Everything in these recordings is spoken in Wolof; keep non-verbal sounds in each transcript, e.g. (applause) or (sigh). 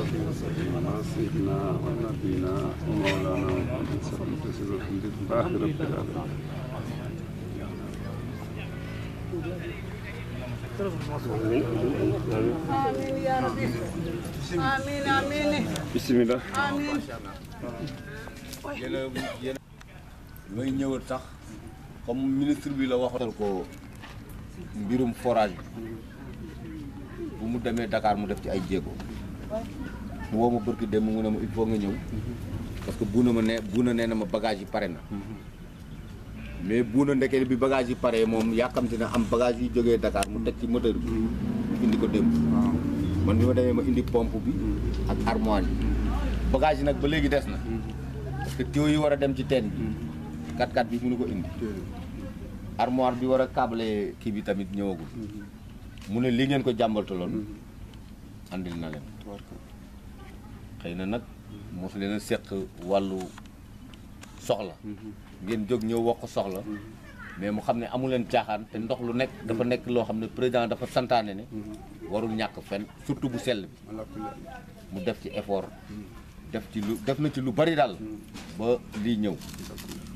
Amin amin. Bismillah. Amin. Yele yele may ñëwul tax comme ministre bi la waxal ko mbirum forage bu mu démé Dakar mu mu mo barki dem mo ne mo il faut nga ñew parce que buna ma ne buna ne na ma bagage yi pare na mais buna ndeké bi bagage yi paré mom yàkkamti na am bagage yi jógee Dakar mu tek ci moteur bi indi ko dem man bima ma ma indi pompe bi ak armoire bagage yi nag ba légui dess na parce que tuyau yi wara dem ci teen kat kat bi mënu ko indi armoire bi wara a câble kii bi tamit ñëwagul mu ne li ngeen ko jàmbaltaloon andil na leen xëy na nag mosu leen a seq wàllu soxla ngeen jóg ñëw wax ko soxla mais mu xam ne amu leen caaxaan te ndox lu nekk dafa nekk loo xam ne président dafa santaane ne warul ñàkk fen surtout bu sell bi mu def ci effort def ci lu def na ci lu bari daal ba lii ñëw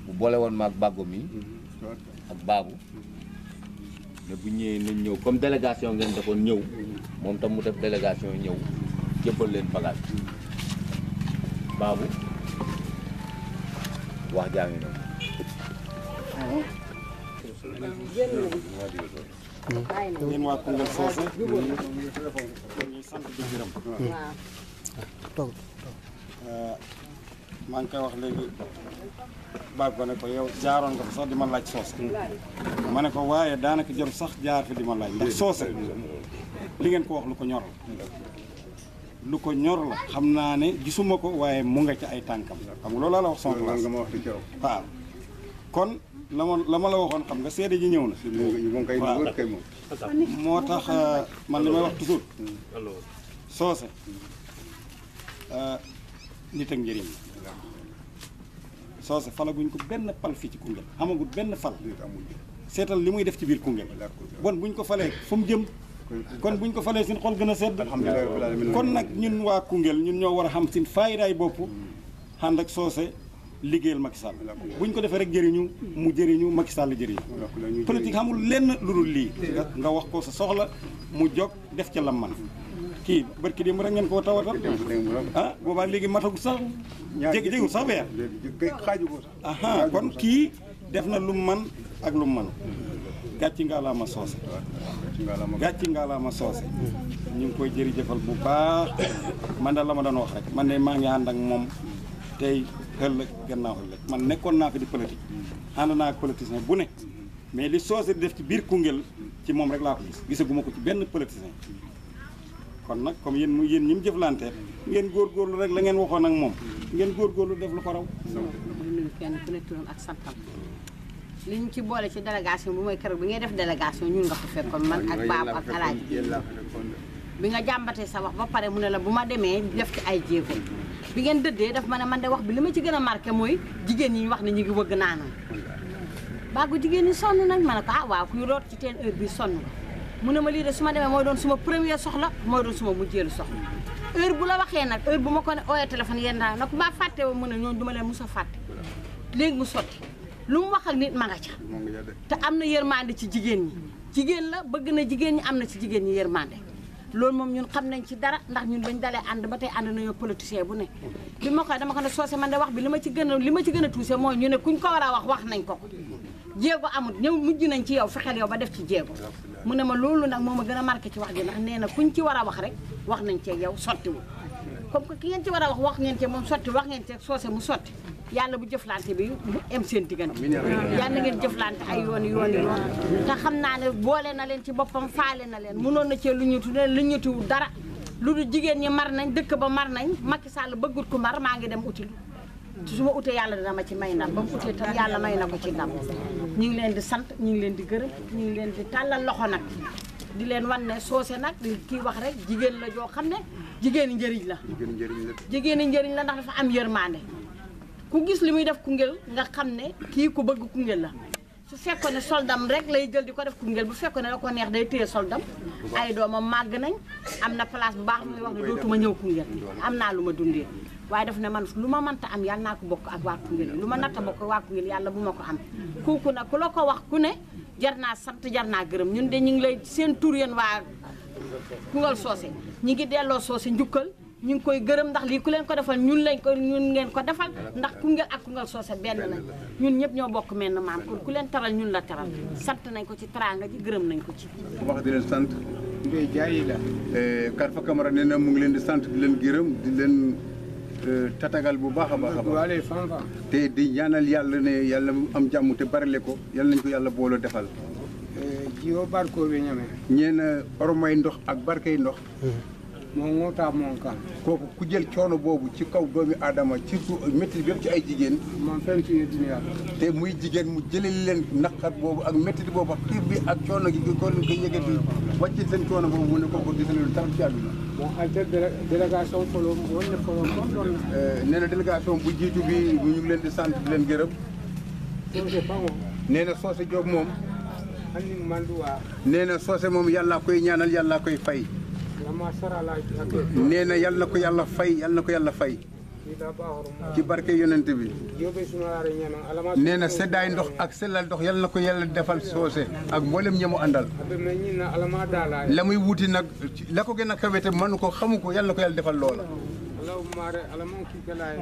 bu boole woon ma ak bàggo mi ak baabu ne bu ñëwee nañ ñëw comme délégation ngeen defoon ñëw moom tam mu def délégation ñëw jébbal leen bagage baabu wax jaa ngi noonu yéen waa Koungheul foofu ñu ngi sant di gërëm toog euh, ngi koy wax léegi baab ko ne ko yow jaaroon nga fa sax di ma laaj soose ma ne ko waaye daanaka jëm sax jaar fi di ma laaj ndax soose li ngeen ko wax lu ko ñoral lu ko ñor la xam naa ne gisuma ko waaye mu nga ci ay tànkam xam nga loolu la wax son place wax ci kaw waaw kon la ma la waxoon xam nga seede ji ñëw na moo tax euh, man li may wax soose euh, nit ak njëriñ la soose falaguñ ko benn pal fii ci Koungheul amagul benn fal seetal li muy def ci biir Koungheul bon buñ ko falee fu mu jëm kon buñ ko falee suñ xol gën a sedd kon nag ñun waa Koungheul ñun ñoo war a xam sin faayidaay bopp ànd ak soose liggéeyal Macky Sall buñ ko defee rek jëriñu mu jëriñu Macky Sall jëriñu politique xamul lenn lu dul lii nga wax ko sa soxla mu jog def ca lam man kii barki démb rek ngeen koo tawatal ah boobaa léegi matagu sax jég jégul sax weer aha kon kii def na lu man ak lu man gàcci ngaalaama soose gàcci ngaalaama soose ñu ngi koy jërëjëfal bu baax man la ma doon wax rek man ne maa ngi ànd ak gannaaw man fi di politique ànd naa ak politicien bu ne mais li soose def ci biir Koungheul ci moom rek laa ko gis gisaguma ko ci benn politicien kon nag comme yéen mu yéen ñi mu jëflantee ngeen rek la ngeen waxoon ak ngeen def lu ko raw ak santam li ñu ci boole ci délégation bu mooy keroog bi ngay def délégation ñun nga ko fekkoon ak Baabu ak Alaaji bi nga jàmbatee sa wax ba pare mu ne la bu ma demee def ci ay jéego bi ngeen dëddee dafa ma ne man de wax bi li ma ci gën a marqué mooy jigéen ñi ñu wax ne ñu ngi wëgg naanam baagu jigéen ñi sonn nañ ma ne ko ah waaw ñu root ci teen heure bi sonn nga mu ne ma lii de ma demee mooy doon suma premier soxla mooy doon suma mujjeelu soxla heure bu la waxee nag heure bu ma ko ne ooyee téléphone yenn daal na ko maa fàtte ba mu ne ñoom du ma leen mus a fàtte léegi mu sotti lu mu wax ak nit ma nga ca te am na yërmande ci jigéen ñi jigéen la bëgg na jigéen ñi am na ci jigéen ñi yërmande loolu moom ñun xam nañ ci dara ndax ñun bañ dalee ànd ba tey ànd nañoo politicien bu ne bi ma ko ne soosé man wax bi li ma ci gën li ma ci gën a tuuse mooy ñu ne kuñ ko war a wax wax nañ ko ko jéego amut ñëw mujj nañ ci yow fexeel yow ba def ci jéego mu ne ma loolu nag moom ma gën a marqué ci wax ji ndax nee na kuñ ci war a wax rek wax nañ cee yow sottiwul comme que ki ngeen ci war a wax wax ngeen cee moom sotti wax ngeen cee mu sotti yàlla bu jëflante bi mu em seen diggante yàlla ngeen jëflante ay yoon yoon yoon te xam naa ne boole na leen ci boppam faale na leen mënoon na cee lu ñutu ne lu ñutu dara lu dul jigéen ñi mar nañ dëkk ba mar nañ Macky Sall bëggut ku mar maa ngi dem uti su ma ute yàlla dina ma ci may ndam ba mu utee tam yàlla may na ko ci ndam ñu ngi leen di sant ñu ngi leen di gërëm ñu ngi leen di tàllal loxo nag di leen wan ne soose nag di kii wax rek jigéen la joo xam ne jigéen njëriñ la jigéen njëriñ la ndax dafa am yërmande ku gis li muy def Koungheul nga xam ne kii ku bëgg Koungheul la su fekkoon ne soldam rek lay jël di ko def Koungheul bu fekkoon ne la ko neex day téye soldam ay doomam màgg nañ am na place bu baax muy wax ne dootuma ñëw Koungheul am naa lu ma dundee waaye def ne man lu ma mënta am yàlla naa ko bokk ak waa Koungheul lu ma natta bokk waa Koungheul yàlla bu ma ko am kooku nag ku la ko wax ku ne jar naa sant jar naa gërëm ñun de ñu ngi lay seen tur yéen waa Koungheul soose ñi ngi delloo soose njukkal ñu ngi koy gërëm ndax lii ku leen ko defal ñun lañ ko ñun leen ko defal ndax Koungheul ak Koungheul Socé benn la ñun ñëpp ñoo bokk mel na maam ku leen taral ñun la taral sant nañ ko ci teraanga ji gërëm nañ ko ci wax di leen sant Ndeye Diaye la eh, Karfa Camara nee na mu ngi leen di sant di leen gërëm di leen eh, tatagal bu baax a baax a baax te di ñaanal yàlla ne yàlla am jàmm te barile ko yàlla nañ ko yàlla booloo defal eh, jiwo barko bi ñamee ñeena ormay ndox ak barkay ndox mm-hmm. moo ŋuutaa moom kan kooku ku jël coono boobu ci kaw doomi aadama surtout métti bi yëpp ci ay jigéen moom fenn ci te muy jigéen mu jëlee leen naqar boobu ak métti boobu ak xiif bi ak coono gi ko koy yëgati wàcc seen coono boobu mu ne ko di seen tax ci àdduna bon alter délégation Kolom woon na Kolom moom doon nee na bu jiitu bi ñu leen di sant leen gërëm nee na Socé Diop moom nee na Socé moom yàlla koy ñaanal yàlla koy fay nee na yal na ko yàlla fay yal na ko yàlla fay. ci barke yonent bi. nee na seddaay ndox ak sellal ndox yal na ko yàlla defal soose. ak mboolem ñamu àndal. la muy wuti nag la ko gën a kawete mënu ko xamu ko yal na ko yàlla defal loola.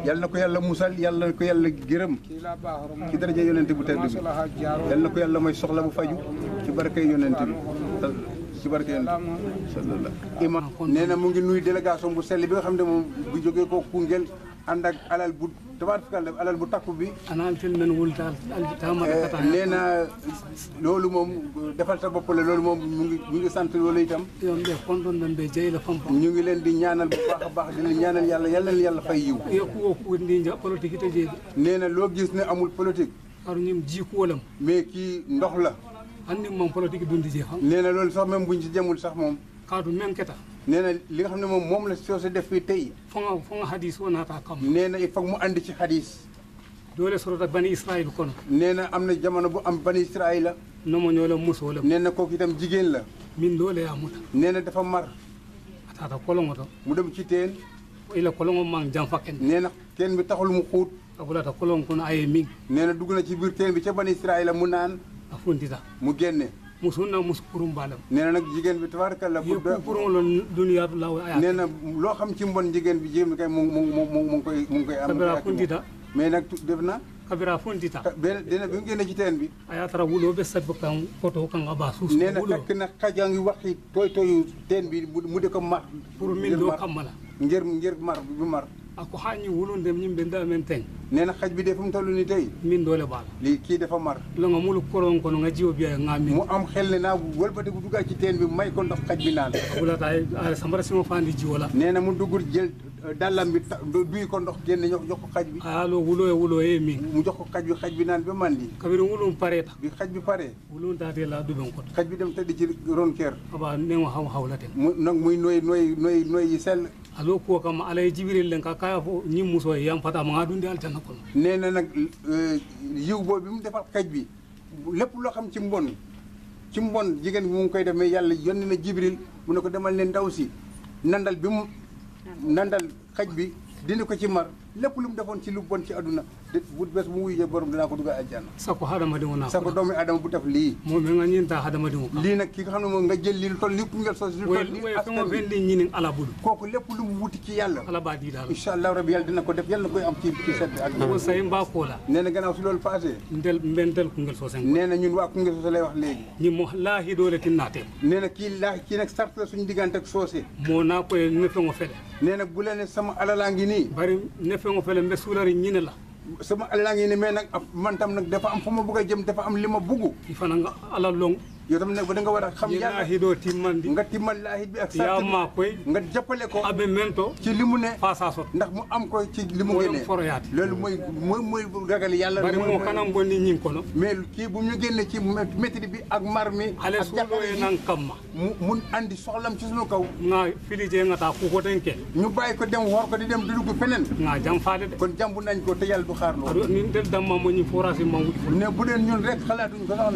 yal na ko yàlla musal yal na ko yàlla gërëm ci daraja yonent bu tedd bi yal na ko yàlla may soxla bu faju ci barke yonent bi. ci barke yonent sallallahu imam nee na mu ngi nuyu délégation bu sell bi nga xam ne moom bu jógee ko Koungheul ànd ak alal bu tabaarkalla alal bu takku bi eh, nee na loolu moom defal ta bopp la loolu moom mu ngi mu ngi sant loolu itam ñu ngi leen di ñaanal bu baax a baax di leen ñaanal yàlla yàlla leen yàlla fay yiw nee na loo gis ne amul politique mais kii ndox la anni moom politique dundi je xam na loolu sax même buñ ci jëmul sax moom kaatu men keta nee na li nga xam ne moom moom la soose def fii tey fonga fonga hadis o naata kam nee na il mu andi ci hadis doole sorota bani israil kono nee na am na jamono bu am bani israil la nomo ñoo la musoo la nee na kooku itam jigéen la min doole yaa muta nee na dafa mar a taata mu dem ci teen ila kolongo maa jam fa nee na teen bi taxul mu xuut a bulata kolongo kono aye ming nee na dugg na ci biir teen bi ca bani israil la mu naan afuntita mu génne musu na musu kurum baalam nee na nag jigéen bi tabaarkalla bu kurum la duniyaatu laa wa nee na loo xam ci mbon jigéen bi jigéen bi kay mu mu mu mu ngi koy mu ngi koy am kabira funtita mais nag def na kabira ah, bi mu génne ci teen bi ayaa tara wuloo be sabbi kan koto kan nga baa suus nee na fekk na xajaa ngi waxi tooy tooyu teen bi mu di ko mar pour min doo kam mala ngir ngir mar bi mar ako hanñi wulunde yimɓe nda men ten nena xaj bi de fu mu toll ni tey min kii dafa mar la nga mulu koron kono nga jiwo biya nga min mu am xel ne naa wëlbati bu duggaa ci teen bi may ko ndox xaj bi naan bulataay sambara sima fandi jiwo la nee na mu dugur jël euh, dallam bi duy ko ndox génne jox ko xaj bi alo ah, wuloye wuloye min mu jox ko xaj bi xaj bi naan ba man di kabiru wulum pareta bi xaj bi pare wulum taate la duben kot xaj bi dem tëdd ci ron kër aba ne nga xaw xaw la ten mu nag muy nooy nooy nooy nooy yi sell aɓe kuwa kam alaye jibirel len ka kaya fo ñim muso e yam fata maga ɗum de aljanna kono nee na nag e, yiw boobu bi mu defal xaj bi lépp loo xam ci mbon ci mbon jigéen bi mu ngi koy def mais yàlla yónni na jibril mu ne ko demal ne ndaw si nandal bi mu nandal xaj bi dindi ko ci mar lépp lu mu defoon ci lu bon ci àdduna bu bés bu mu wuyjee borom dinaa ko dugal àjjana sako hadamadimo naa sako doomu adama bu def lii mo mi nga ñinta hadamadimo ka lii nag ki nga xam ne moom nga jël li lu toll li Koungheul sos li toll ala lépp lu mu wuti ci yàlla ala baa diidaal incha allah rabbi yàlla dina ko def yàlla na koy am ci ci sedd ak ko say mbaa foola nee na gannaaw su loolu passé ndel mbentel Koungheul sos nee na ñun waa Koungheul sos lay wax léegi ñi mo laahi doole tin naatee nee na kii laahi kii nag sart la ne na la sama alal ngi ni mais nak man tam nag dafa am fuma ma bëgg a jëm dafa am lima ma ifa fan alal long yow tam nag da nga war a xam yàlla hidoo timmandi nga timmal laahit bi ak sa nga jàppale ko abe mento ci li mu ne fasaso ndax mu am ko ci li mu génne foroyaat loolu mooy mooy mooy ragal yàlla bari moo kanam bonni ñing kono mais bi ak mar ale suloye nan kam ma mun andi soxlam ci sunu kaw naa filijee nga taa kuko ten ke ñu bàyyi ko dem woor ko di dem di feneen naa jam faade de kon jàmbu nañ ko te yàlla du xaar loolu nin del damma mo ñu forage ma wut ne bu ñun rek xalaatuñ ko sax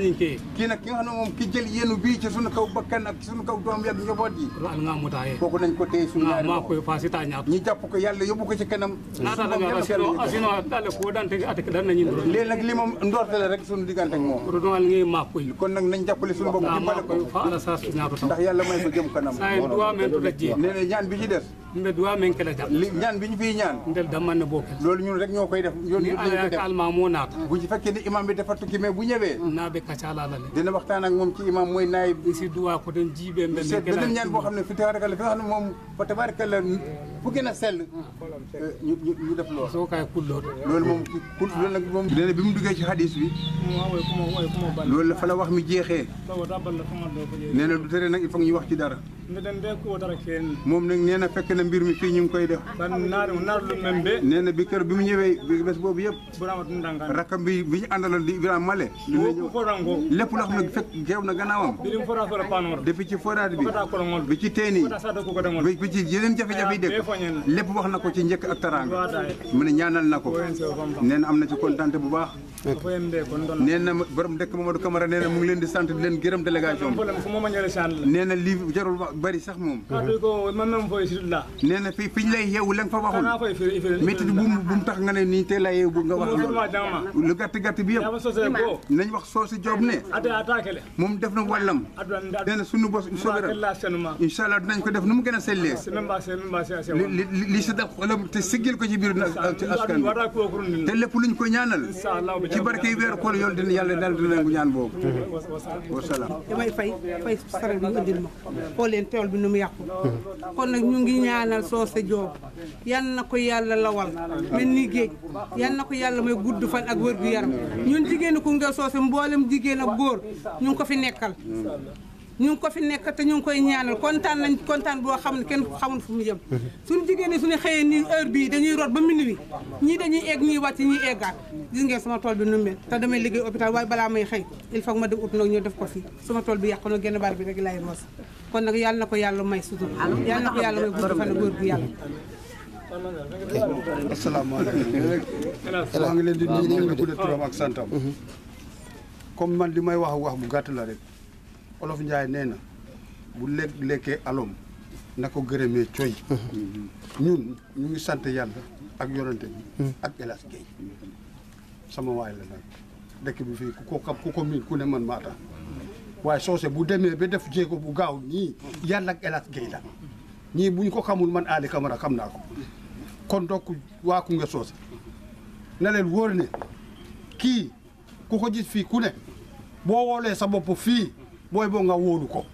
ne kii kii nag ki nga xam ne moom ki jël yéenu bii ci suñu kaw bakkan ak sunu kaw doom yag njaboot yi nga mu taayee kooku nañ ko téye suñu ah, ñaari loxo koy faasi taa ñaatu ñu ko yàlla ko ci kanam ah, asino dale ko dante ate dan nañu ndoro léegi nag ah, li moom rek suñu koy kon ñaan bi ñu fiy ñaan ndel dama ne bokk loolu ñun rek ñoo koy def yoon ñu ko def bu ci fekkee ni imam bi dafa tukki mais bu ñëwee haalaalale dina waxtaan ak moom ci imam moy naayib si duwa ko ten jiiɓe ɓe a bi mu duggee ci hadis bi loolu la fa wax mi jeexee nee na du tere nag i faut ñu wax ci dara mi ɗen mbe kuwotara keeni moom nag nee na fekk na mbir mi fii ñu ngi koy def ban naari naarlu men mbe nee na bi kër bi mu ñëwee bi bés boobu yëpp burama tum dangan rakkam bi bi ñu àndaloon di Ibrahima Male wokku fotango lépp loo xam ne fekk jeew na gannaawam biɗum fota fota panor depuis ci forade bi fota kolongol bi ci teen yi bi bi ci yeneen jafe-jafe yi dégg lépp wax na ko ci njëkk ak taraanga mu ne ñaanal na ko nee na am na ci kontante bu baax nee na borom dëkk Mamadou Camara nee na mu leen di sant di leen gërëm délégation bi nee na lii jarul bari sax moom ah, nee na fi fi ñu lay la fa waxul métti bu mu tax nga ne nii tey laa yeewu nga wax lu gàtt gàtt bi yëpp nañ wax Socé Diop ne moom def na wàllam nee na sunu bos sobira incha allah ko def nu mu gën a sellee li si def xolam te siggil ko ci biir te lépp luñ ko ñaanal ci barke yi weeru koor yoon dina yàlla dal dina nangu ñaan boobu wasalaam damay fay fay saret bi indil ma xool leen tool bi nu mu yàqu kon nag ñu ngi ñaanal Socé Diop yal na ko yàlla lawal mel ni géej yal na ko yàlla may gudd fan ak wér gu yaram ñun jigéenu Koungheul Socé mboolem jigéen ak góor ñu ngi ko fi nekkal ñu ngi ko fi nekk te ñu ngi koy ñaanal kontaan nañ kontaan boo xam ne kenn xamul fu mu jëm suñu jigéen ñi suñu xëyee nii heure bii dañuy root ba minuit ñii dañuy egg ñii wàcc ñii eggaat gis ngeen sama tool bi nu mel te damay liggéey hôpital waaye balaa may xëy il faut ma dem ut nag ñu def ko fii sama tool bi yàqu na genn baar bi rek laay moos kon nag yàlla na ko yàlla may sutur yàlla na ko yàlla may gudd fan góor gu yàlla asalaamaaleykum maa ngi leen di nuyu ku ne turam ak santam comme man li may wax wax bu gàtt la rek olof Njaay nee na bu lekk lekkee alom na ko gërëmee coy ñun ñu ngi sant yàlla ak yonante bi ak elas Hadj sama waay la nag dëkk bi fii ku ko xam ku ko miin ku ne man maata waaye soose bu demee ba def jéego bu gaaw ñii yàlla ak elas Hadj la ñii buñ ko xamul man Ali Camara xam naa ko kon donc waa ku nga soose na leen wóor ne kii ku ko gis fii ku ne boo woolee sa bopp fii booy boo nga wóolu ko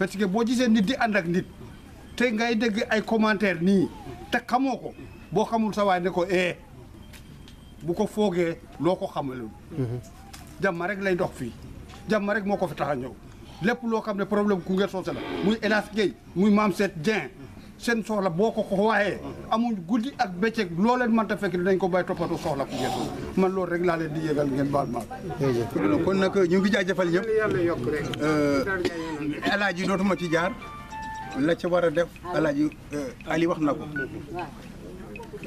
parce que boo jisee nit di ànd ak nit te ngay dégg ay commentaire nii te xamoo ko boo xamul sa waay ne ko ee eh, bu ko foogee loo ko xamalul jàmm rek lay dox fii jàmm rek moo ko fi tax a ñëw lépp loo xam ne problème Koungheul Socé la muy El Hadj muy maam set Dieng seen soxla boo ko ko waxee amuñ guddi ak bëccëg loo leen mënta fekk dinañ ko bay toppatoo soxla ku ngeen man loolu rek laa leen di yëgal ngeen baal ma kon nag ñu ngi jaajëfal ñëpp alaaji euh, dootuma ci jaar la ca war a def euh, wax na ko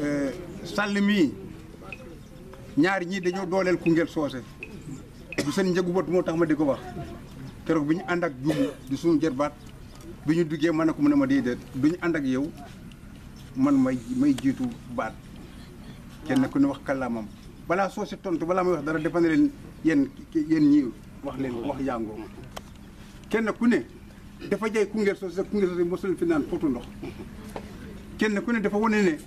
euh, sàll mii ñaari ñii dañoo dooleel Koungheul soose bu seen njëgu bot moo tax ma di ko wax keroog bi ñu ànd ak juumu di suñu jërbaat bu ñu duggee man ne ko mu ne ma déedéet ñu ànd ak yow man may may jiitu baat kenn ku ne wax kàllaamam balaa soo si tontu balaa may wax dara defal na leen yéen yéen ñi wax leen wax yàngoo kenn ku ne dafa jay Koungheul Socé Koungheul Socé mosul fi naan potu ndox kenn ku ne dafa wane ne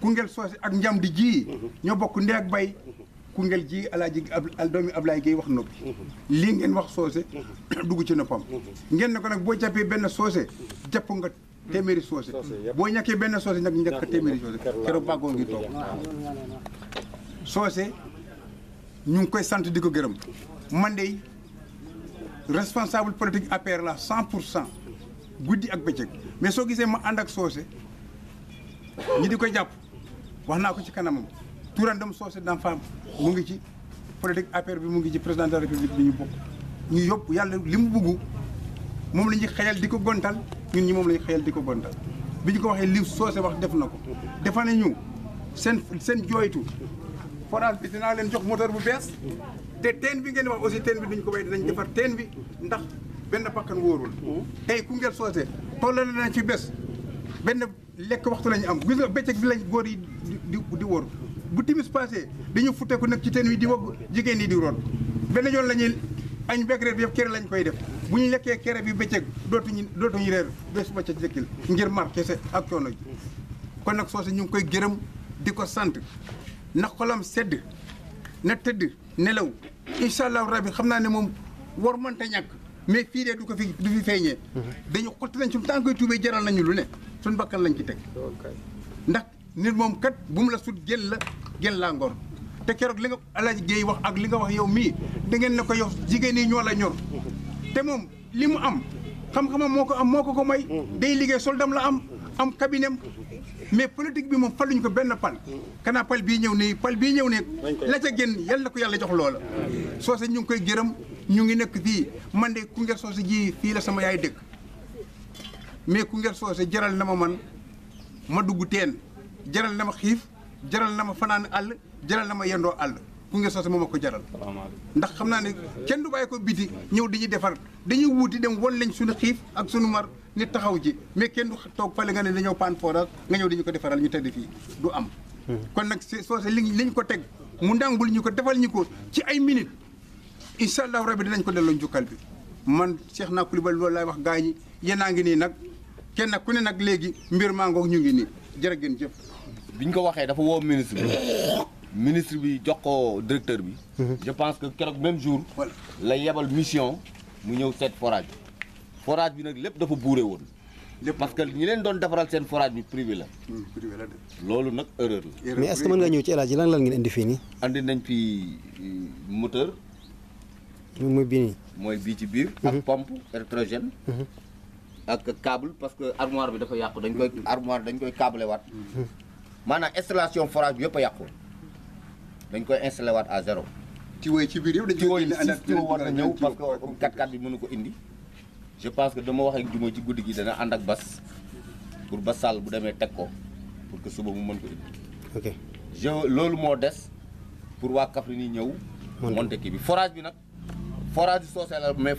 Koungheul Socé ak njam di ji ñoo bokk ndee ak bay Koungheul ji alaaji al doomi Ablaye Gueye wax noppi li ngeen wax sosé mhm. (coughs) duggu ci noppam mhm. ngeen ne ko nag boo jàppee benn soose mhm. jàpp nga téeméeri sosé bo ñaké ben sosé nak ñàkk téeméeri sosé keroog bàggoo ngi toog sosé ñu koy sante diko ko gërëm man de responsable politique APR la 100% pour guddi ak bëccëg mais so gisee ma ànd ak soose ñi diko japp waxna ko ci kanamam Tourandam Socé d'enfant mu ngi ci politique APR bi mu ngi ci président de la bi ñu bokk ñu yóbbu yàlla li mu bugg moom la ñuy xayal di ko gontal ñun ñi moom la ñuy di ko gontal bi ñu ko waxee li Socé wax def na ko defa nañu seen seen jooytu forage bi dinaa leen jox moteur bu bees te teen bi ngeen wax aussi teen bi duñ ko béy dinañ defar teen bi ndax benn bakkan wóorul tey Koungheul Socé tollale nañ ci bés benn lekk waxtu lañu am gis nga bëccëg bi lañ góor yi di di wóor bu timis passé dañu futte ku nag ci teen wi di wagg jigéen ñi di root benn yoon la ñuy añ bekk reer bi yëpp kere lañ koy def bu ñu lekkee kere bi bëccëg dootuñu dootuñu reer bés ba ca jëkkil ngir mar kese ak coono ji kon nag soose ñu ngi koy gërëm di ko sant na xolam sedd na tëdd nelaw incha allahu xam naa ne moom war mënta ñàkk mais fii de du ko fi du fi feeñee mhm. dañu xotti nañ suñu tànkoy tuubee jaral nañu lu ne suñu bakkan lañ ci teg ndax nit moom kat bu mu la sut jël la jël laa ngor te keroog li nga Alaaji Géey wax ak li nga wax yow mii dangeen ngeen ko yow jigéen ñi ñoo la ñor te moom li mu am xam-xamam moo ko am moo ko ko may day liggéey soldam la am am cabinetam mais politique bi moom faluñ ko benn pal kanaa pal bii ñëw nii pal bii ñëw nii la ca génn yal na ko yàlla jox loola soose ñu ngi koy gërëm ñu ngi nekk fii man de Koungheul soose ji fii la sama yaay dëkk mais Koungheul soose jaral na ma man ma dugg teen jaral na ma xiif jaral na ma fanaan àll jaral na ma yendoo àll ku ngeen soose moom a ko jaral ndax xam naa ne kenn du bàyyi ko biti ñëw dañuy ñu defar dañuy wuuti dem won lañ suñu xiif ak suñu mar ni taxaw ji mais kenn du toog fale nga ne dañoo paan forage nga ñëw di ko defaral ñu tëdd fii du am hmm. kon nag soose li liñ ko teg mu ndàngul ñu ko defal ñu ko ci ay minute incha allahu bi dinañ ko delloo njukkal bi man Cheikh naa Coulibaly loolu laay wax gaa ñi yéen a ngi nii nag kenn ku ne nag léegi mbir maa ngoog ñu ngi nii ngeen jëf biñ ko waxé dafa wo ministre bi ministre bi jox ko directeur bi je pense que kérok même jour la yebal mission mu ñew seet forage forage bi nak lepp dafa bouré won lepp parce que ñi leen doon défaral sen forage bi privé la hmm, privé la loolu nag erreur la mais est ce que mën nga ñew ci élage lan lan ngeen indi fi ni andi nañ fi euh, moteur ñu moy bi ni moy bi ci bir ak mhm. pompe électrogène mhm. ak câble parce que armoire bi dafa yaq dañ koy mhm. armoire dañ koy câbler wat maanaam installation forage bi yëpp a yàqu dañ koy installé waat à zéro. tuyaux yi ci biir yëpp dañu koy tuyaux war na ñëw parce que kat-kat bi ko indi. je pense que dama wax ak Juma ci guddi gi dana ànd ak Bas pour Bas Sall bu demee teg ko pour que suba mu mën ko indi. je loolu moo des pour waa Kaffrine yi ñëw. monte bi forage bi nag forage bi soosee la mais